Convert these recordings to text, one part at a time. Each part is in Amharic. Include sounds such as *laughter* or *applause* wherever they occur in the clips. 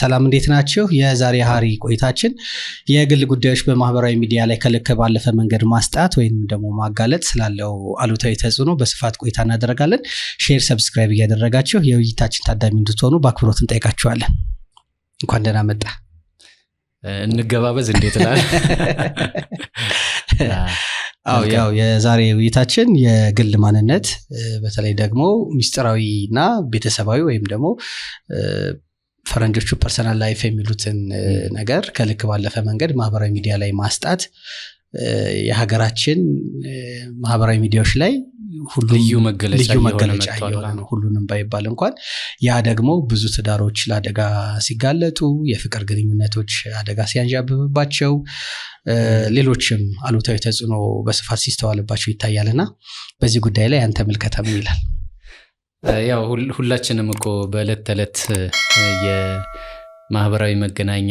ሰላም እንዴት ናችሁ? የዛሬ ሀሪ ቆይታችን የግል ጉዳዮች በማህበራዊ ሚዲያ ላይ ከልክ ባለፈ መንገድ ማስጣት ወይም ደግሞ ማጋለጥ ስላለው አሉታዊ ተጽዕኖ በስፋት ቆይታ እናደረጋለን። ሼር፣ ሰብስክራይብ እያደረጋችሁ የውይይታችን ታዳሚ እንድትሆኑ በአክብሮት እንጠይቃችኋለን። እንኳን ደህና መጣ። እንገባበዝ እንዴት ናል? *laughs* አዎ ያው የዛሬ ውይይታችን የግል ማንነት በተለይ ደግሞ ሚስጥራዊ እና ቤተሰባዊ ወይም ደግሞ ፈረንጆቹ ፐርሰናል ላይፍ የሚሉትን ነገር ከልክ ባለፈ መንገድ ማህበራዊ ሚዲያ ላይ ማስጣት የሀገራችን ማህበራዊ ሚዲያዎች ላይ ልዩ መገለጫ እየሆነ ነው፣ ሁሉንም ባይባል እንኳን ያ ደግሞ ብዙ ትዳሮች ለአደጋ ሲጋለጡ፣ የፍቅር ግንኙነቶች አደጋ ሲያንዣብብባቸው፣ ሌሎችም አሉታዊ ተጽዕኖ በስፋት ሲስተዋልባቸው ይታያልና በዚህ ጉዳይ ላይ አንተ ምልከታ ይላል? ያው ሁላችንም እኮ በዕለት ተዕለት የማህበራዊ መገናኛ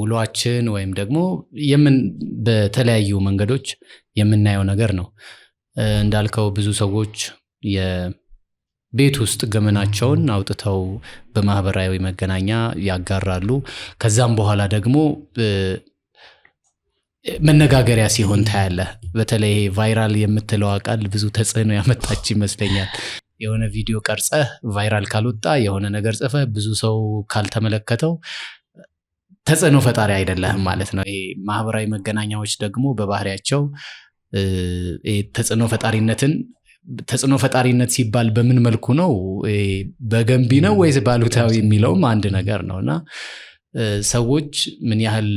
ውሏችን ወይም ደግሞ የምን በተለያዩ መንገዶች የምናየው ነገር ነው። እንዳልከው ብዙ ሰዎች የቤት ውስጥ ገመናቸውን አውጥተው በማህበራዊ መገናኛ ያጋራሉ። ከዛም በኋላ ደግሞ መነጋገሪያ ሲሆን ታያለ በተለይ ቫይራል የምትለው ቃል ብዙ ተጽዕኖ ያመጣች ይመስለኛል። የሆነ ቪዲዮ ቀርጸ ቫይራል ካልወጣ የሆነ ነገር ጽፈ ብዙ ሰው ካልተመለከተው ተጽዕኖ ፈጣሪ አይደለህም ማለት ነው። ይሄ ማህበራዊ መገናኛዎች ደግሞ በባህሪያቸው ተጽዕኖ ፈጣሪነትን ተጽዕኖ ፈጣሪነት ሲባል በምን መልኩ ነው? በገንቢ ነው ወይስ ባሉታዊ የሚለውም አንድ ነገር ነው እና ሰዎች ምን ያህል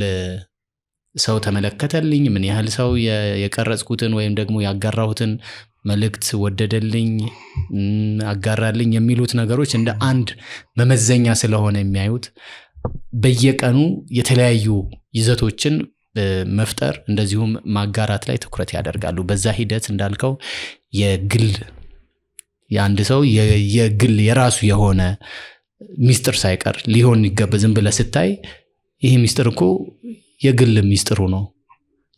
ሰው ተመለከተልኝ፣ ምን ያህል ሰው የቀረጽኩትን ወይም ደግሞ ያጋራሁትን መልእክት ወደደልኝ፣ አጋራልኝ የሚሉት ነገሮች እንደ አንድ መመዘኛ ስለሆነ የሚያዩት በየቀኑ የተለያዩ ይዘቶችን መፍጠር እንደዚሁም ማጋራት ላይ ትኩረት ያደርጋሉ። በዛ ሂደት እንዳልከው የግል የአንድ ሰው የግል የራሱ የሆነ ሚስጥር ሳይቀር ሊሆን ይገባ ዝም ብለህ ስታይ ይህ ሚስጥር እኮ የግል ሚስጥሩ ነው።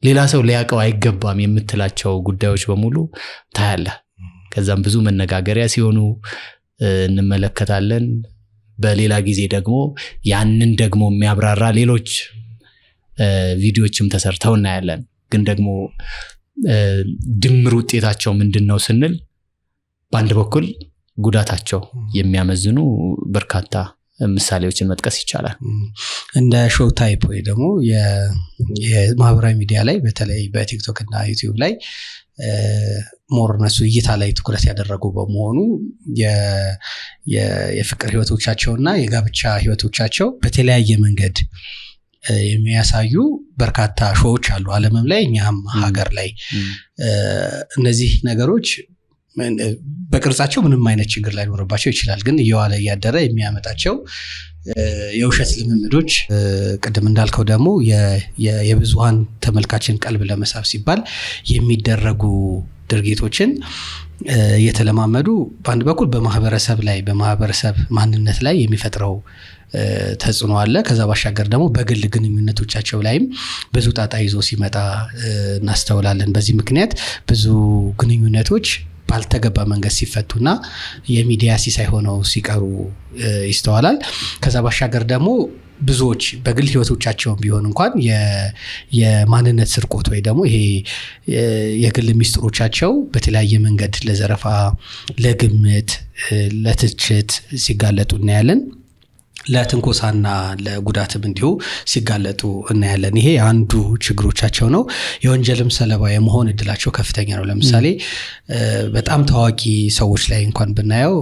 ሌላ ሰው ሊያቀው አይገባም የምትላቸው ጉዳዮች በሙሉ ታያለህ። ከዛም ብዙ መነጋገሪያ ሲሆኑ እንመለከታለን። በሌላ ጊዜ ደግሞ ያንን ደግሞ የሚያብራራ ሌሎች ቪዲዮችም ተሰርተው እናያለን። ግን ደግሞ ድምር ውጤታቸው ምንድን ነው ስንል በአንድ በኩል ጉዳታቸው የሚያመዝኑ በርካታ ምሳሌዎችን መጥቀስ ይቻላል። እንደ ሾው ታይፕ ወይ ደግሞ የማህበራዊ ሚዲያ ላይ በተለይ በቲክቶክ እና ዩቲዩብ ላይ ሞር እነሱ እይታ ላይ ትኩረት ያደረጉ በመሆኑ የፍቅር ህይወቶቻቸው እና የጋብቻ ህይወቶቻቸው በተለያየ መንገድ የሚያሳዩ በርካታ ሾዎች አሉ አለምም ላይ እኛም ሀገር ላይ እነዚህ ነገሮች በቅርጻቸው ምንም አይነት ችግር ላይኖርባቸው ይችላል። ግን እየዋለ እያደረ የሚያመጣቸው የውሸት ልምምዶች፣ ቅድም እንዳልከው ደግሞ የብዙሀን ተመልካችን ቀልብ ለመሳብ ሲባል የሚደረጉ ድርጊቶችን የተለማመዱ በአንድ በኩል በማህበረሰብ ላይ በማህበረሰብ ማንነት ላይ የሚፈጥረው ተጽዕኖ አለ። ከዛ ባሻገር ደግሞ በግል ግንኙነቶቻቸው ላይም ብዙ ጣጣ ይዞ ሲመጣ እናስተውላለን። በዚህ ምክንያት ብዙ ግንኙነቶች ባልተገባ መንገድ ሲፈቱና የሚዲያ ሲሳይ ሆነው ሲቀሩ ይስተዋላል። ከዛ ባሻገር ደግሞ ብዙዎች በግል ህይወቶቻቸውን ቢሆን እንኳን የማንነት ስርቆት ወይ ደግሞ ይሄ የግል ሚስጥሮቻቸው በተለያየ መንገድ ለዘረፋ፣ ለግምት፣ ለትችት ሲጋለጡ እናያለን። ለትንኮሳና ለጉዳትም እንዲሁ ሲጋለጡ እናያለን። ይሄ አንዱ ችግሮቻቸው ነው። የወንጀልም ሰለባ የመሆን እድላቸው ከፍተኛ ነው። ለምሳሌ በጣም ታዋቂ ሰዎች ላይ እንኳን ብናየው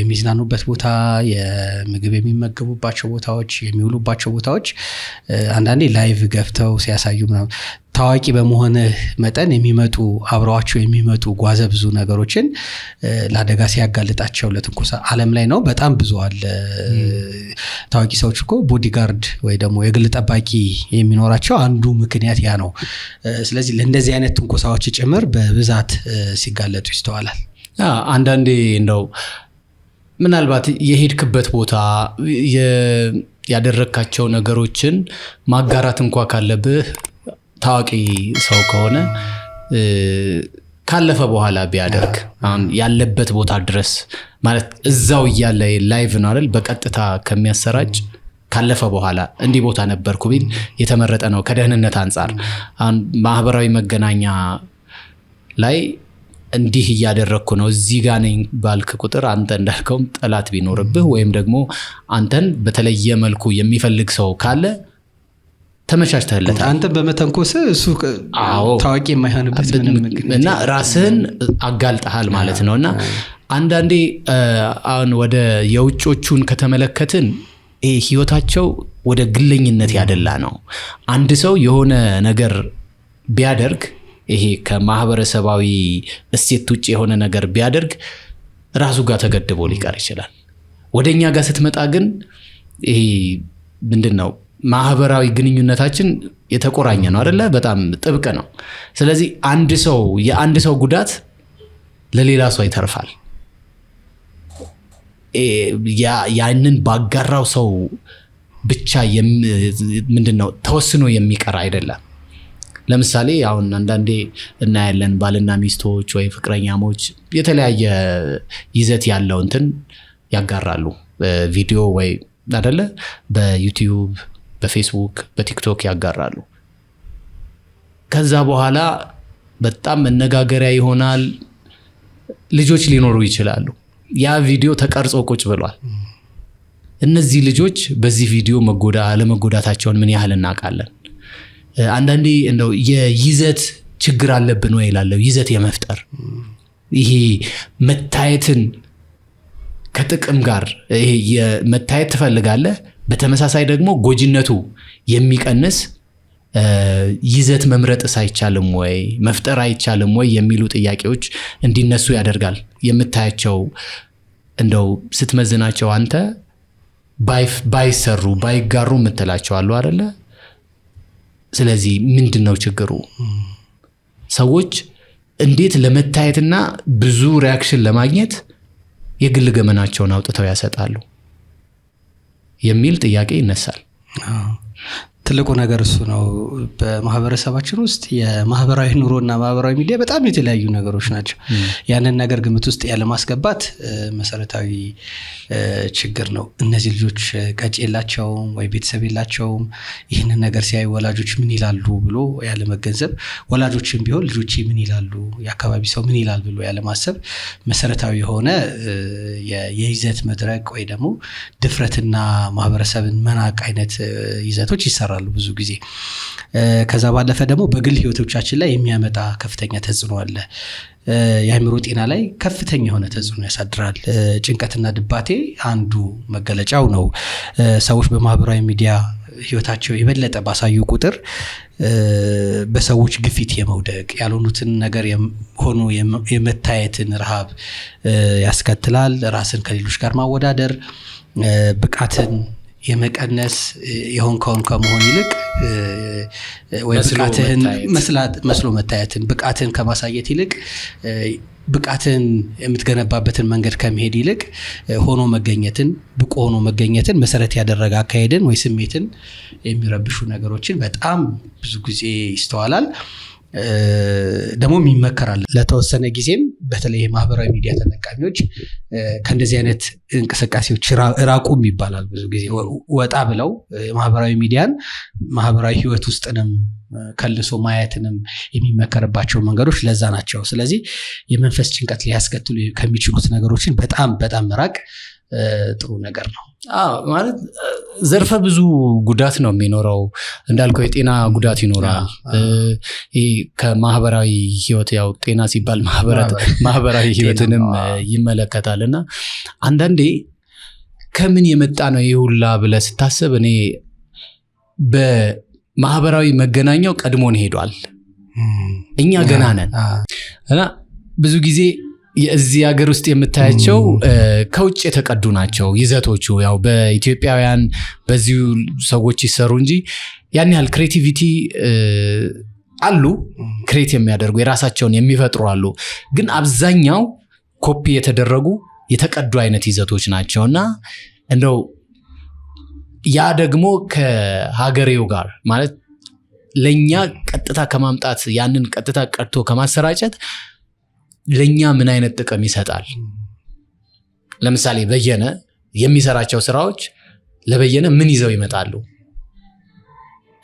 የሚዝናኑበት ቦታ፣ የምግብ የሚመገቡባቸው ቦታዎች፣ የሚውሉባቸው ቦታዎች አንዳንዴ ላይቭ ገብተው ሲያሳዩ ምናምን ታዋቂ በመሆንህ መጠን የሚመጡ አብረዋቸው የሚመጡ ጓዘ ብዙ ነገሮችን ለአደጋ ሲያጋልጣቸው ለትንኮሳ አለም ላይ ነው በጣም ብዙ አለ። ታዋቂ ሰዎች እኮ ቦዲጋርድ ወይ ደግሞ የግል ጠባቂ የሚኖራቸው አንዱ ምክንያት ያ ነው። ስለዚህ ለእንደዚህ አይነት ትንኮሳዎች ጭምር በብዛት ሲጋለጡ ይስተዋላል። አንዳንዴ እንደው ምናልባት የሄድክበት ቦታ ያደረግካቸው ነገሮችን ማጋራት እንኳ ካለብህ ታዋቂ ሰው ከሆነ ካለፈ በኋላ ቢያደርግ አሁን ያለበት ቦታ ድረስ ማለት እዛው እያለ ላይቭ ነው አይደል? በቀጥታ ከሚያሰራጭ ካለፈ በኋላ እንዲህ ቦታ ነበርኩ ቢል የተመረጠ ነው ከደህንነት አንጻር። አሁን ማህበራዊ መገናኛ ላይ እንዲህ እያደረግኩ ነው እዚህ ጋ ነኝ ባልክ ቁጥር አንተ እንዳልከውም ጠላት ቢኖርብህ ወይም ደግሞ አንተን በተለየ መልኩ የሚፈልግ ሰው ካለ ተመቻችተህለት አንተ በመተንኮስ እሱ ታዋቂ የማይሆንበት እና ራስህን አጋልጠሃል ማለት ነው እና አንዳንዴ አሁን ወደ የውጮቹን ከተመለከትን ይህ ህይወታቸው ወደ ግለኝነት ያደላ ነው። አንድ ሰው የሆነ ነገር ቢያደርግ ይሄ ከማህበረሰባዊ እሴት ውጭ የሆነ ነገር ቢያደርግ ራሱ ጋር ተገድቦ ሊቀር ይችላል። ወደ እኛ ጋር ስትመጣ ግን ይሄ ምንድን ነው ማህበራዊ ግንኙነታችን የተቆራኘ ነው አደለ? በጣም ጥብቅ ነው። ስለዚህ አንድ ሰው የአንድ ሰው ጉዳት ለሌላ ሰው ይተርፋል። ያንን ባጋራው ሰው ብቻ ምንድን ነው ተወስኖ የሚቀር አይደለም። ለምሳሌ አሁን አንዳንዴ እናያለን ባልና ሚስቶች ወይ ፍቅረኛሞች የተለያየ ይዘት ያለው እንትን ያጋራሉ ቪዲዮ ወይ አደለ በዩቲዩብ በፌስቡክ በቲክቶክ ያጋራሉ። ከዛ በኋላ በጣም መነጋገሪያ ይሆናል። ልጆች ሊኖሩ ይችላሉ። ያ ቪዲዮ ተቀርጾ ቁጭ ብሏል። እነዚህ ልጆች በዚህ ቪዲዮ መጎዳ አለመጎዳታቸውን ምን ያህል እናውቃለን? አንዳንዴ እንደው የይዘት ችግር አለብን ወይ ላለው ይዘት የመፍጠር ይሄ መታየትን ከጥቅም ጋር ይሄ መታየት ትፈልጋለህ በተመሳሳይ ደግሞ ጎጂነቱ የሚቀንስ ይዘት መምረጥ ሳይቻልም ወይ መፍጠር አይቻልም ወይ የሚሉ ጥያቄዎች እንዲነሱ ያደርጋል። የምታያቸው እንደው ስትመዝናቸው አንተ ባይሰሩ ባይጋሩ የምትላቸው አሉ አደለ? ስለዚህ ምንድን ነው ችግሩ? ሰዎች እንዴት ለመታየትና ብዙ ሪያክሽን ለማግኘት የግል ገመናቸውን አውጥተው ያሰጣሉ? የሚል ጥያቄ ይነሳል። ትልቁ ነገር እሱ ነው። በማህበረሰባችን ውስጥ የማህበራዊ ኑሮ እና ማህበራዊ ሚዲያ በጣም የተለያዩ ነገሮች ናቸው። ያንን ነገር ግምት ውስጥ ያለማስገባት መሰረታዊ ችግር ነው። እነዚህ ልጆች ቀጭ የላቸውም ወይ ቤተሰብ የላቸውም። ይህንን ነገር ሲያዩ ወላጆች ምን ይላሉ ብሎ ያለመገንዘብ፣ ወላጆችም ቢሆን ልጆች ምን ይላሉ፣ የአካባቢ ሰው ምን ይላል ብሎ ያለማሰብ መሰረታዊ የሆነ የይዘት መድረቅ ወይ ደግሞ ድፍረትና ማህበረሰብን መናቅ አይነት ይዘቶች ይሰራል ይኖራሉ ብዙ ጊዜ። ከዛ ባለፈ ደግሞ በግል ህይወቶቻችን ላይ የሚያመጣ ከፍተኛ ተጽዕኖ አለ። የአእምሮ ጤና ላይ ከፍተኛ የሆነ ተጽዕኖ ያሳድራል። ጭንቀትና ድባቴ አንዱ መገለጫው ነው። ሰዎች በማህበራዊ ሚዲያ ህይወታቸው የበለጠ ባሳዩ ቁጥር በሰዎች ግፊት የመውደቅ ያልሆኑትን ነገር ሆኖ የመታየትን ረሃብ ያስከትላል። ራስን ከሌሎች ጋር ማወዳደር ብቃትን የመቀነስ የሆንከውን ከመሆን ይልቅ ወይብቃትህን መስሎ መታየትን ብቃትህን ከማሳየት ይልቅ ብቃትን የምትገነባበትን መንገድ ከመሄድ ይልቅ ሆኖ መገኘትን ብቁ ሆኖ መገኘትን መሰረት ያደረገ አካሄድን ወይ ስሜትን የሚረብሹ ነገሮችን በጣም ብዙ ጊዜ ይስተዋላል። ደግሞ ይመከራል ለተወሰነ ጊዜም በተለይ የማህበራዊ ሚዲያ ተጠቃሚዎች ከእንደዚህ አይነት እንቅስቃሴዎች ራቁም ይባላል። ብዙ ጊዜ ወጣ ብለው ማህበራዊ ሚዲያን ማህበራዊ ህይወት ውስጥንም ከልሶ ማየትንም የሚመከርባቸው መንገዶች ለዛ ናቸው። ስለዚህ የመንፈስ ጭንቀት ሊያስከትሉ ከሚችሉት ነገሮችን በጣም በጣም ራቅ። ጥሩ ነገር ነው። ማለት ዘርፈ ብዙ ጉዳት ነው የሚኖረው። እንዳልከው የጤና ጉዳት ይኖራል። ከማህበራዊ ህይወት ያው ጤና ሲባል ማህበራዊ ህይወትንም ይመለከታል እና አንዳንዴ ከምን የመጣ ነው ይህ ሁላ ብለህ ስታስብ እኔ በማህበራዊ መገናኛው ቀድሞን ሄዷል። እኛ ገና ነን እና ብዙ ጊዜ የዚህ ሀገር ውስጥ የምታያቸው ከውጭ የተቀዱ ናቸው ይዘቶቹ። ያው በኢትዮጵያውያን በዚሁ ሰዎች ይሰሩ እንጂ ያን ያህል ክሬቲቪቲ አሉ። ክሬት የሚያደርጉ የራሳቸውን የሚፈጥሩ አሉ። ግን አብዛኛው ኮፒ የተደረጉ የተቀዱ አይነት ይዘቶች ናቸው እና እንደው ያ ደግሞ ከሀገሬው ጋር ማለት ለእኛ ቀጥታ ከማምጣት ያንን ቀጥታ ቀድቶ ከማሰራጨት ለእኛ ምን አይነት ጥቅም ይሰጣል? ለምሳሌ በየነ የሚሰራቸው ስራዎች ለበየነ ምን ይዘው ይመጣሉ?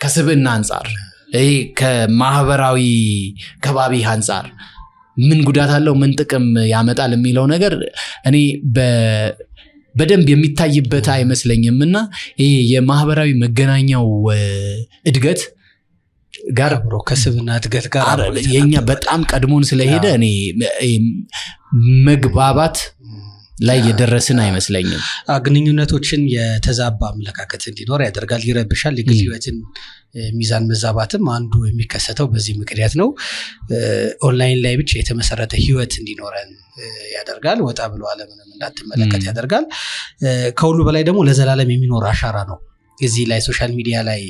ከስብና አንጻር ይሄ ከማህበራዊ ከባቢ አንጻር ምን ጉዳት አለው፣ ምን ጥቅም ያመጣል የሚለው ነገር እኔ በደንብ የሚታይበት አይመስለኝም እና ይህ የማህበራዊ መገናኛው እድገት ጋር አብሮ ከስብና እድገት ጋር የኛ በጣም ቀድሞን ስለሄደ እኔ መግባባት ላይ የደረስን አይመስለኝም። ግንኙነቶችን የተዛባ አመለካከት እንዲኖር ያደርጋል፣ ይረብሻል። የግል ህይወትን ሚዛን መዛባትም አንዱ የሚከሰተው በዚህ ምክንያት ነው። ኦንላይን ላይ ብቻ የተመሰረተ ህይወት እንዲኖረን ያደርጋል። ወጣ ብሎ አለምንም እንዳትመለከት ያደርጋል። ከሁሉ በላይ ደግሞ ለዘላለም የሚኖር አሻራ ነው። እዚህ ላይ ሶሻል ሚዲያ ላይ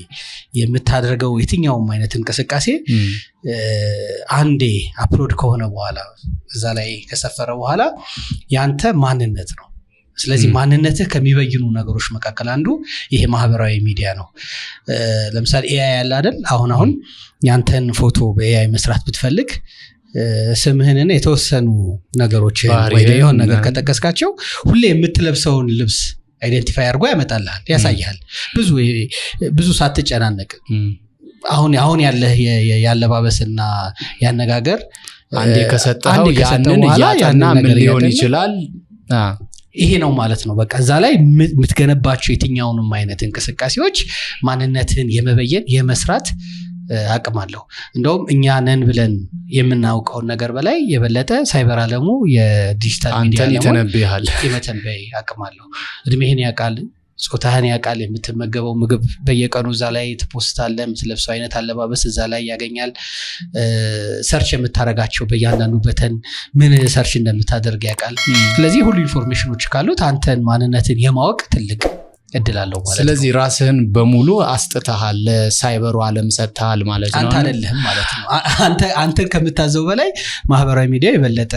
የምታደርገው የትኛውም አይነት እንቅስቃሴ አንዴ አፕሎድ ከሆነ በኋላ እዛ ላይ ከሰፈረ በኋላ ያንተ ማንነት ነው። ስለዚህ ማንነትህ ከሚበይኑ ነገሮች መካከል አንዱ ይሄ ማህበራዊ ሚዲያ ነው። ለምሳሌ ኤአይ ያለ አይደል? አሁን አሁን ያንተን ፎቶ በኤአይ መስራት ብትፈልግ ስምህንና የተወሰኑ ነገሮችን ወይ የሆን ነገር ከጠቀስካቸው ሁሌ የምትለብሰውን ልብስ አይደንቲፋይ አድርጎ ያመጣልል ያሳይሃል ብዙ ብዙ ሳትጨናነቅ አሁን አሁን ያለህ ያለባበስና ያነጋገር አንዴ ያንን እያጠና ምን ሊሆን ይችላል ይሄ ነው ማለት ነው በቃ እዛ ላይ የምትገነባቸው የትኛውንም አይነት እንቅስቃሴዎች ማንነትህን የመበየን የመስራት አቅም አለው። እንደውም እኛ ነን ብለን የምናውቀውን ነገር በላይ የበለጠ ሳይበር አለሙ የዲጂታል ይተነብያል አቅም አለው። እድሜህን ያውቃል፣ ጾታህን ያውቃል። የምትመገበው ምግብ በየቀኑ እዛ ላይ ትፖስታለ። የምትለብሰው አይነት አለባበስ እዛ ላይ ያገኛል። ሰርች የምታደርጋቸው በእያንዳንዱ በተን ምን ሰርች እንደምታደርግ ያውቃል። ስለዚህ ሁሉ ኢንፎርሜሽኖች ካሉት አንተን ማንነትን የማወቅ ትልቅ እድል አለው ማለት ስለዚህ ራስህን በሙሉ አስጥተሃል፣ ሳይበሩ አለም ሰጥተሃል ማለት ነው። አንተ አይደለህም ማለት ነው። አንተን ከምታዘው በላይ ማህበራዊ ሚዲያ የበለጠ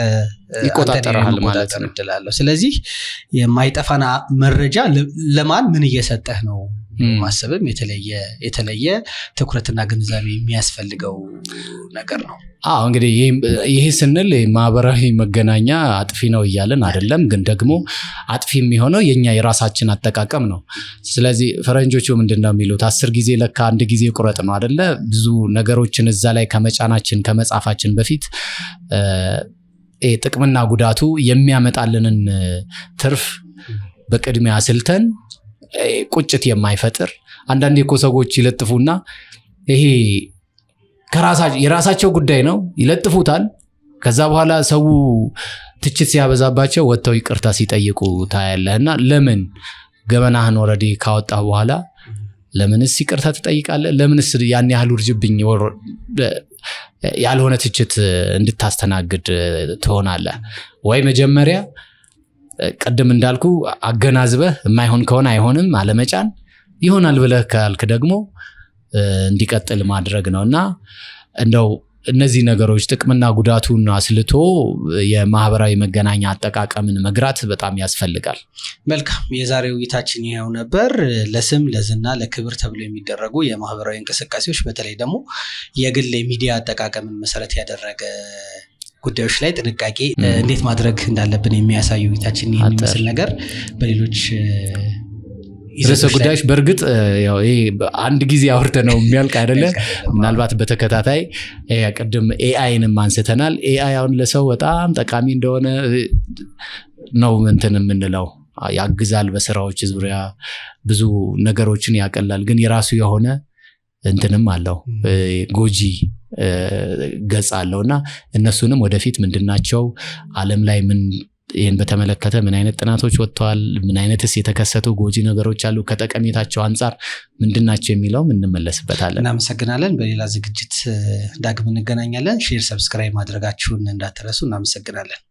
ይቆጣጠራል ማለት ነው። ስለዚህ የማይጠፋና መረጃ ለማን ምን እየሰጠህ ነው ማሰብም የተለየ የተለየ ትኩረትና ግንዛቤ የሚያስፈልገው ነገር ነው። አዎ እንግዲህ ይህ ስንል ማህበራዊ መገናኛ አጥፊ ነው እያለን አይደለም፣ ግን ደግሞ አጥፊ የሚሆነው የኛ የራሳችን አጠቃቀም ነው። ስለዚህ ፈረንጆቹ ምንድን ነው የሚሉት? አስር ጊዜ ለካ አንድ ጊዜ ቁረጥ ነው አደለ ብዙ ነገሮችን እዛ ላይ ከመጫናችን ከመጻፋችን በፊት ጥቅምና ጉዳቱ የሚያመጣልንን ትርፍ በቅድሚያ ስልተን? ቁጭት የማይፈጥር አንዳንዴ እኮ ሰዎች ይለጥፉና ይሄ የራሳቸው ጉዳይ ነው ይለጥፉታል። ከዛ በኋላ ሰው ትችት ሲያበዛባቸው ወጥተው ይቅርታ ሲጠይቁ ታያለህ። እና ለምን ገመናህን ወረዴ ካወጣ በኋላ ለምንስ ይቅርታ ትጠይቃለህ? ለምንስ ያን ያህል ውርጅብኝ ያልሆነ ትችት እንድታስተናግድ ትሆናለህ? ወይ መጀመሪያ ቅድም እንዳልኩ አገናዝበህ የማይሆን ከሆነ አይሆንም አለመጫን፣ ይሆናል ብለህ ካልክ ደግሞ እንዲቀጥል ማድረግ ነው እና እንደው እነዚህ ነገሮች ጥቅምና ጉዳቱን አስልቶ የማህበራዊ መገናኛ አጠቃቀምን መግራት በጣም ያስፈልጋል። መልካም፣ የዛሬ ውይይታችን ይኸው ነበር። ለስም ለዝና ለክብር ተብሎ የሚደረጉ የማህበራዊ እንቅስቃሴዎች በተለይ ደግሞ የግል የሚዲያ አጠቃቀምን መሰረት ያደረገ ጉዳዮች ላይ ጥንቃቄ እንዴት ማድረግ እንዳለብን የሚያሳዩ ጌታችን የሚመስል ነገር በሌሎች ርዕሰ ጉዳዮች በእርግጥ አንድ ጊዜ አውርተ ነው የሚያልቅ አይደለ። *laughs* ምናልባት በተከታታይ ቅድም ኤአይንም አንስተናል። ኤአይ አሁን ለሰው በጣም ጠቃሚ እንደሆነ ነው እንትን የምንለው ያግዛል፣ በስራዎች ዙሪያ ብዙ ነገሮችን ያቀላል። ግን የራሱ የሆነ እንትንም አለው ጎጂ ገጽ አለው እና እነሱንም ወደፊት ምንድናቸው አለም ላይ ምን ይህን በተመለከተ ምን አይነት ጥናቶች ወጥተዋል፣ ምን አይነትስ የተከሰቱ ጎጂ ነገሮች አሉ፣ ከጠቀሜታቸው አንጻር ምንድናቸው የሚለውም እንመለስበታለን። እናመሰግናለን። በሌላ ዝግጅት ዳግም እንገናኛለን። ሼር፣ ሰብስክራይብ ማድረጋችሁን እንዳትረሱ። እናመሰግናለን።